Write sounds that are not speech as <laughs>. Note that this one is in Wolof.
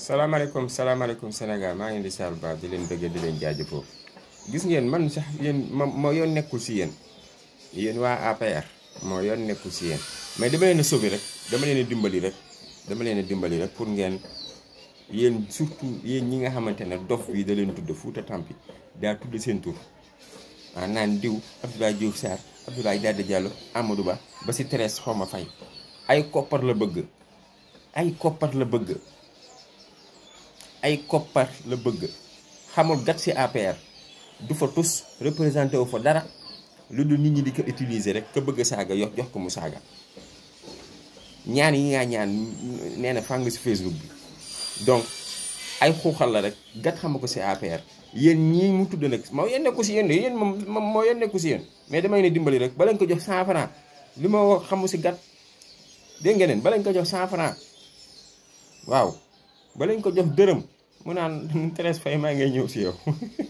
salaamaaleykum salaamaaleykum Sénégal maa ngi di saal baax di leen bëggee di leen jaajëfoo gis ngeen man sax yéen ma ma yoon nekkul si yéen yéen waa APR moo yoon nekkul si yéen mais dama leen sobi rek dama leen dimbali rek dama leen a dimbali rek pour ngeen yéen surtout yéen ñi nga xamante ne dof bi da leen tudd Fouta Tampi daa tudd seen tur ah naan diw Abdoulaye Diouf Sarr Abdoulaye Dada jàll amadu Ba ba si Thérèse xaw ma fay ay la bëgg ay koppar la bëgg. ay koppar la bëgg xamul gat si APR du fa tus représenté wu fa dara lu dul nit ñi di ko utiliser rek ka bëgg saaga yox jox ko mu saaga ñaan yi ngaa ñaan nee na fàng si Facebook bi donc ay xuuxal la rek gat xama ko si APR yéen ñii mu tudd nag moo yéen nekku si yéen de yéen moom moo yéen nekku si yéen mais damay ne dimbali rek balañ ko jox 100 francs li ma xamu si gat dégg ngeen balañ ko jox 100 francs waaw ba ko jox dërëm mu naan <laughs> Thérèse Faye maa ngay ñëw si yow <laughs>